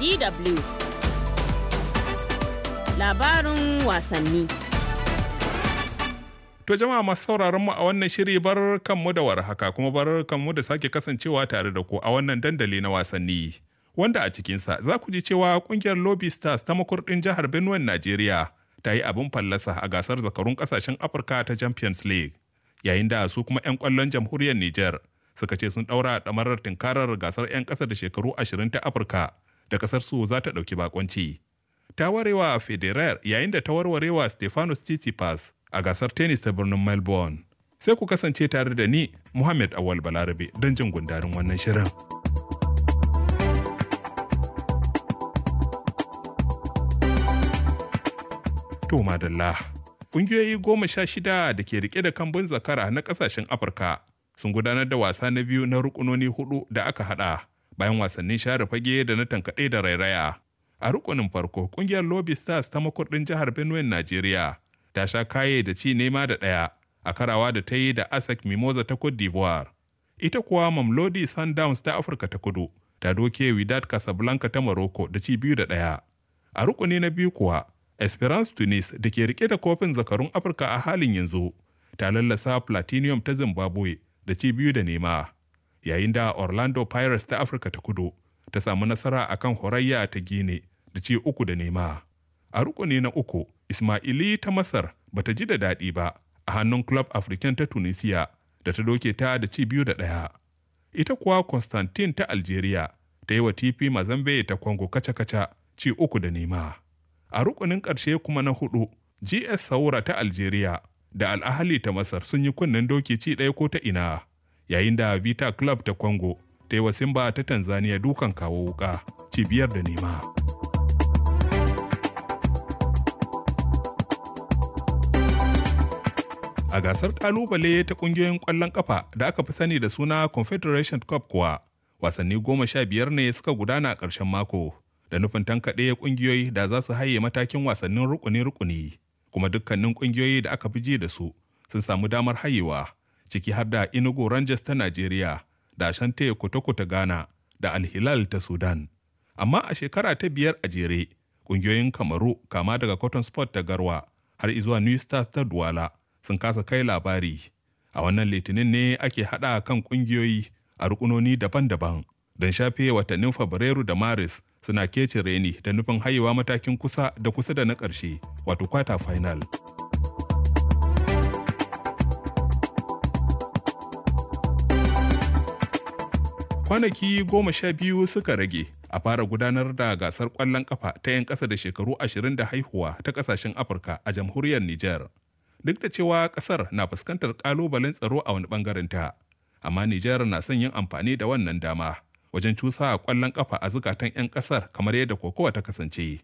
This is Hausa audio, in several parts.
DW Labarin wasanni To jama'a masu sauraron mu a wannan shiri bar kanmu da warhaka kuma bar kanmu da sake kasancewa tare da ku a wannan dandali na wasanni. Wanda a cikinsa za ku ji cewa kungiyar Lobby Stars ta makurɗin jihar Benue Najeriya ta yi abin fallasa a gasar zakarun kasashen Afirka ta Champions League. Yayin da su kuma 'yan kwallon jamhuriyar Nijar suka ce sun ɗaura ɗamarar tinkarar gasar 'yan ƙasa da shekaru ashirin ta Afirka da kasar su za ta ɗauki bakonci. Ta warewa Federer yayin da ta warwarewa Stefanos Tsitsipas a gasar tennis ta birnin Melbourne. Sai ku kasance tare da ni Muhammad Awal Balarabe don jin gundarin wannan shirin. To madalla. Ƙungiyoyi goma sha shida da ke rike da kambun zakara na ƙasashen Afirka sun gudanar da wasa na biyu na rukunoni hudu da aka haɗa? bayan wasannin share fage da na tankaɗe da rairaya. A rukunin farko ƙungiyar Lobby Stars ta makurɗin jihar Benue Najeriya ta sha kaye da ci nema da ɗaya a karawa da ta yi da Asak Mimosa ta Cote d'Ivoire. Ita kuwa Mamlodi Sundowns ta Afirka ta Kudu ta doke Widad Casablanca ta Morocco da ci biyu da ɗaya. A rukuni na biyu kuwa Esperance Tunis da ke rike da kofin zakarun Afirka a halin yanzu ta lallasa Platinum ta Zimbabwe da ci biyu da nema. yayin da Orlando Pirates ta Afirka ta kudu ta samu nasara a kan Horayya ta Gine da ci uku da nema. A rukuni na uku, Ismaili ta Masar ba ta ji da daɗi ba a hannun Club African ta Tunisia da ta doke ta da ci biyu da ɗaya. Ita kuwa Constantine ta Algeria ta yi wa TP Mazambe ta Congo kaca-kaca ci uku da nema. A rukunin ƙarshe kuma na hudu, GS Saura ta Algeria da Al'ahali ta Masar sun yi kunnen dokici ci ɗaya ko ta ina. yayin da vita club ta congo ta yi wa simba ta tanzania dukan kawo wuka cibiyar da nema a gasar kalubale ta kungiyoyin kwallon kafa da aka fi sani da suna confederation cup kuwa wasanni goma sha biyar ne suka gudana a ƙarshen mako da nufin tankaɗe ƙungiyoyi da za su haye matakin wasannin rukuni-rukuni kuma dukkanin ƙungiyoyi da aka fi ji da su sun samu damar hayewa ciki har da Inugu Rangers ta Najeriya da Ashanti Kotoko Ghana da Alhilal ta Sudan. Amma a shekara ta biyar a jere, ƙungiyoyin Kamaru kama daga Cotton Sport ta Garwa har izuwa New Stars ta Duwala sun kasa kai labari. A wannan litinin ne ake haɗa kan ƙungiyoyi a rukunoni daban-daban don shafe watannin Fabrairu da Maris suna kece reni da nufin haihuwa matakin kusa da kusa da na ƙarshe wato kwata final. Kwanaki goma sha biyu suka rage a fara gudanar da gasar ƙwallon ƙafa ta 'yan ƙasa da shekaru ashirin da haihuwa ta ƙasashen Afirka a jamhuriyar Nijar. Duk da cewa ƙasar na fuskantar ƙalubalen tsaro a wani ɓangaren ta, amma Nijar na son yin amfani da wannan dama wajen cusa ƙwallon ƙafa a zukatan 'yan ƙasar kamar yadda kokowa ta kasance.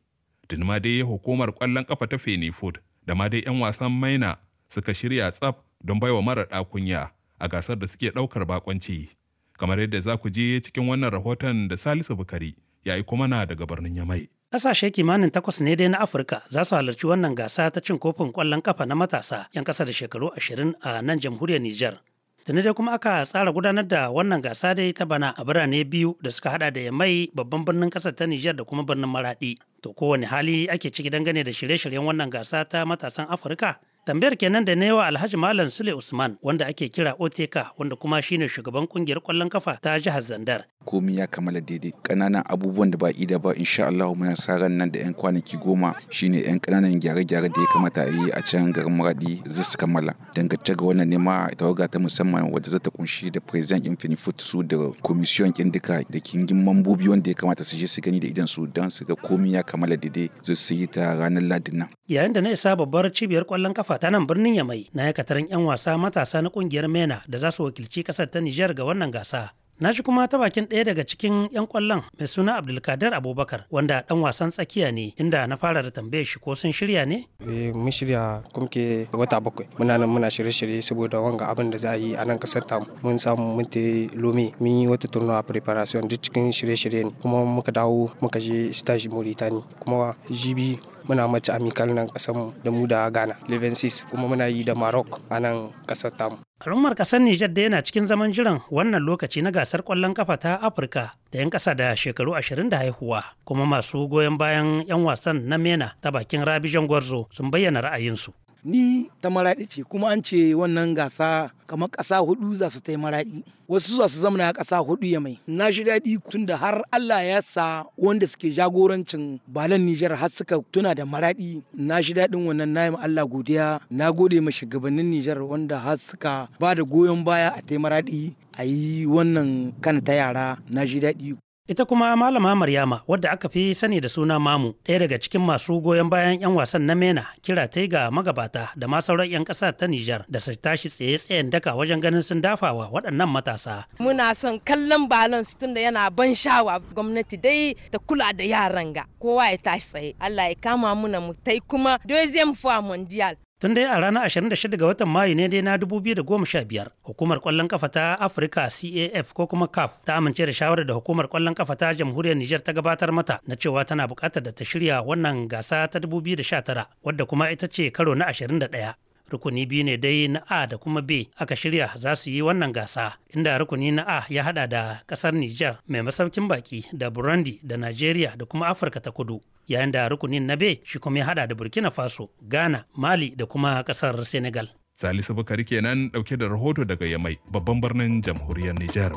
Tuni ma dai hukumar ƙwallon ƙafa ta feni food da ma dai 'yan wasan maina suka shirya tsaf don baiwa mara ɗakunya a gasar da suke ɗaukar bakonci. kamar yadda za ku je cikin wannan rahoton da salisu bukari ya kuma na daga birnin yamai Ƙasashe kimanin takwas ne dai na Afirka za su halarci wannan gasa ta cin kofin ƙwallon ƙafa na matasa 'yan ƙasa da shekaru ashirin a nan jamhuriyar Nijar. Tuni dai kuma aka tsara gudanar da wannan gasa dai ta bana a birane biyu da suka hada da Yamai babban birnin ƙasar ta Nijar da kuma birnin Maraɗi. To kowane hali ake ciki dangane da shirye-shiryen wannan gasa ta matasan Afirka. Tambayar kenan da na wa Alhaji Malam Sule Usman wanda ake kira Oteka wanda kuma shine shugaban kungiyar kwallon kafa ta jihar Zandar. Komi ya kammala daidai kananan abubuwan da ba ida ba insha allahu muna sa ran nan da yan kwanaki goma shine yan kananan gyare-gyare da ya kamata a yi a can garin Maradi za su kammala. Dangance ga wannan nema tawaga ta musamman wadda za ta kunshi da president infini su da komisiyon kindika duka da kingin mambobi wanda ya kamata su je su gani da idan su dan su ga komi ya kammala daidai za su yi ta ranar Ladin nan. Yayin da na isa babbar cibiyar kwallon kafa fata nan birnin ya mai na yakatarin 'yan wasa matasa na kungiyar MENA da za su wakilci kasar ta Nijar ga wannan gasa. Na shi kuma ta bakin ɗaya daga cikin 'yan kwallon mai suna Abdulkadir Abubakar wanda dan wasan tsakiya ne inda na fara da tambaye shi ko sun shirya ne? Eh, mun shirya kumke wata bakwai muna nan muna shirye-shirye saboda wanga abin da za a yi a nan kasar ta mun samu mun ta lome mun yi wata turnuwa preparation duk cikin shirye-shirye ne kuma muka dawo muka je stage Mauritania kuma jibi muna mace amikal nan mu da mu da Ghana Levensis kuma muna yi da Maroc a nan kasar tamu. Al'ummar kasar Nijar da yana cikin zaman jiran wannan lokaci na gasar kwallon kafa ta Afirka da 'yan ƙasa da shekaru 20 da haihuwa kuma masu goyon bayan 'yan wasan na MENA ta bakin rabijan Gwarzo sun bayyana ra'ayinsu. ni ta maraɗi ce kuma an ce wannan gasa kamar ƙasa hudu za su tai maraɗi wasu za su zama ƙasa hudu ya mai na shi daɗi tun da har Allah ya sa wanda suke jagorancin balan Nijar har suka tuna da maraɗi na shi daɗin wannan na ma Allah godiya na gode ma shugabannin Nijar wanda har suka ba da goyon baya a tai maraɗi a yi wannan kan ta yara na shi daɗi Ita kuma Malama Maryama wadda aka fi sani da suna Mamu, ɗaya daga cikin masu goyon bayan 'yan wasan na Mena, kira ta ga magabata da ma sauran 'yan ƙasa ta Nijar da su tashi tsaye-tsayen daka wajen ganin sun dafawa waɗannan matasa. Muna son kallon balon su tunda yana ban shawa gwamnati dai ta kula da yaran ga. Kowa ya tashi tsaye. Allah ya kama muna mu tai kuma deuxième fa mondial Tun dai a ranar 26 ga watan Mayu ne dai na 2015, hukumar kwallon kafa ta Afirka CAF ko kuma CAF ta amince da shawarar da hukumar kwallon kafa ta Jamhuriyar Nijar ta gabatar mata na cewa tana bukatar da ta shirya wannan gasa ta 2019 wadda kuma ita ce karo na 21. rukuni biyu ne dai na a da kuma b aka shirya za su yi wannan gasa inda rukuni na a ya hada da kasar nijar mai masaukin baki da burundi da Najeriya da kuma afirka ta kudu yayin da rukunin na b shi kuma ya hada da burkina faso ghana mali da kuma kasar senegal salisu bukari kenan dauke da rahoto daga yamai babban birnin jamhuriyar niger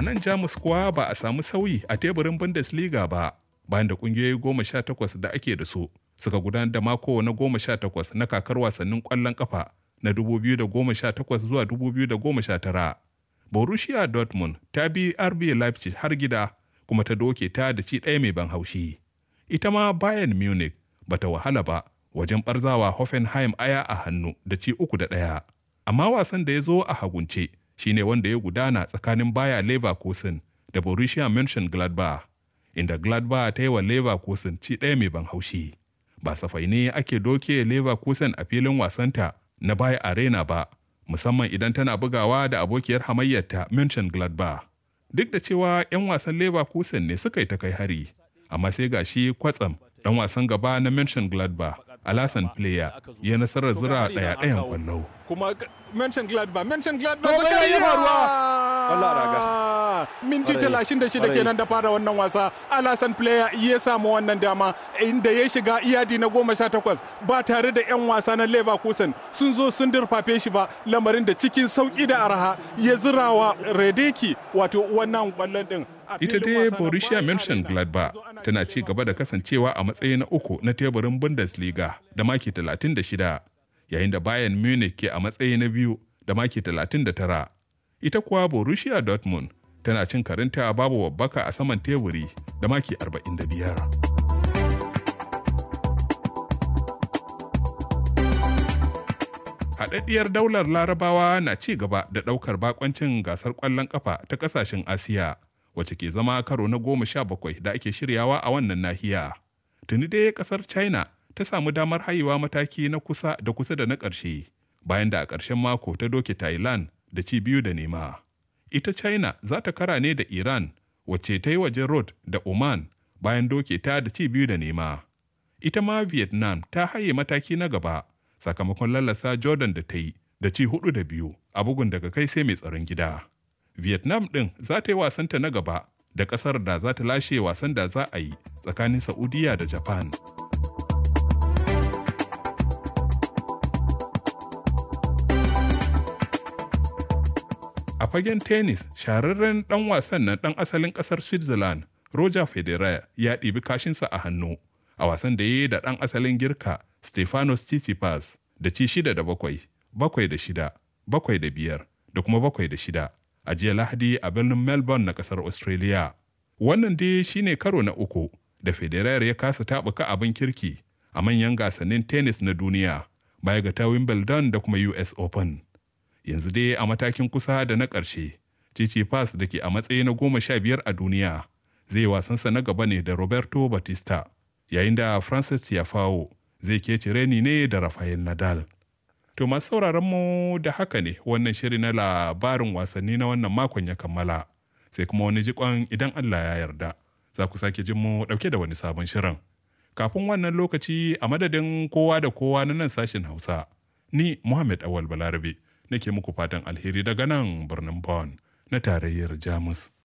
a nan jamus kuwa ba a samu sauyi a teburin bundesliga ba bayan da kungiyoyi goma sha takwas da ake da su suka gudanar da mako na goma sha takwas na kakar wasannin kwallon kafa na dubu biyu da goma sha takwas zuwa dubu biyu da goma sha tara borussia dortmund ta bi rb leipzig har gida kuma ta doke ta da ci ɗaya mai ban haushi ita ma bayern munich ba ta wahala ba wajen barzawa hoffenheim aya a hannu da ci uku da ɗaya amma wasan da ya zo a hagunce shine wanda ya gudana tsakanin baya Leverkusen da Borussia Mönchengladbach inda Gladbach ta yi wa Leverkusen ci ɗaya mai ban haushi. Ba safai ne ake doke Leverkusen a filin wasanta na baya Arena ba, musamman idan tana bugawa da abokiyar hamayyarta Mönchengladbach. Duk da cewa 'yan wasan Leverkusen ne suka yi ta kai hari, amma sai gashi kwatsam ɗan wasan gaba na Mönchengladbach alasan player ya nasarar zura daya dayan kwallo kuma mention gladbach mention gladbach ya faruwa Allah raga minti talashin da shida kenan da fara wannan wasa alasan player ya samu wannan dama inda ya shiga iyadi na goma sha takwas ba tare da yan wasa na leverkusen sun zo sun durfafe shi ba lamarin da cikin sauki da araha ya zirawa redeki wato wannan kwallon din ita dai Borussia Mönchengladbach tana ci gaba da kasancewa a matsayi na uku na teburin Bundesliga da maki 36 yayin da Bayern Munich ke a matsayi na biyu da maki 39 ita kuwa Borussia Dortmund tana cin karinta babu babbaka a saman teburi da maki 45. haɗaɗɗiyar daular larabawa na ci gaba da ɗaukar bakoncin gasar ƙwallon ƙafa ta ƙasashen asiya wacce ke zama karo na goma sha bakwai da ake shiryawa a wannan nahiya tuni dai ƙasar china ta samu damar haihuwa mataki na kusa da kusa da na ƙarshe bayan da a ƙarshen mako ta doke thailand da ci biyu da nema ita china za ta kara ne da iran wacce ta yi wajen road da oman bayan doke ta da ci biyu da nema ita ma vietnam ta haye mataki na gaba sakamakon lallasa jordan da ta yi da ci hudu da biyu a bugun daga kai sai mai tsaron gida vietnam din za ta yi wasanta na gaba da kasar da za ta lashe wasan da za a yi tsakanin saudiya da japan A fagen tennis, shahararren ɗan wasan na ɗan asalin ƙasar Switzerland, Roger Federer ya ɗibi kashinsa a hannu a wasan da ya yi da ɗan asalin Girka, Stefanos Tsitsipas da ci shida da bakwai, bakwai da shida, bakwai da biyar da kuma bakwai da shida a jiya Lahadi a birnin Melbourne na ƙasar Australia. Wannan dai shine karo na uku da Federer ya kasa taɓuka abin kirki a manyan gasannin tennis na duniya baya ga ta Wimbledon da kuma US Open. yanzu dai a matakin kusa da na ƙarshe cici pass da ke a matsayi na goma sha biyar a duniya zai wasansa na gaba ne da roberto batista yayin da francis yafawo zai ke reni ne da rafael nadal to masu sauraron mu da haka ne wannan shiri na labarin wasanni na wannan makon ya kammala sai kuma wani jikon idan allah ya yarda za ku sake jin mu dauke da wani sabon shirin kafin wannan lokaci a madadin kowa da kowa na nan sashen hausa ni muhammad awal balarabe nake muku fatan alheri daga nan birnin Bonn na tarayyar Jamus.